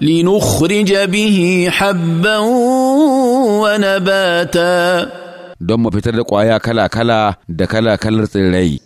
لنخرج به حبا ونباتا دم بتردق ويا كلا كلا دكلا كلا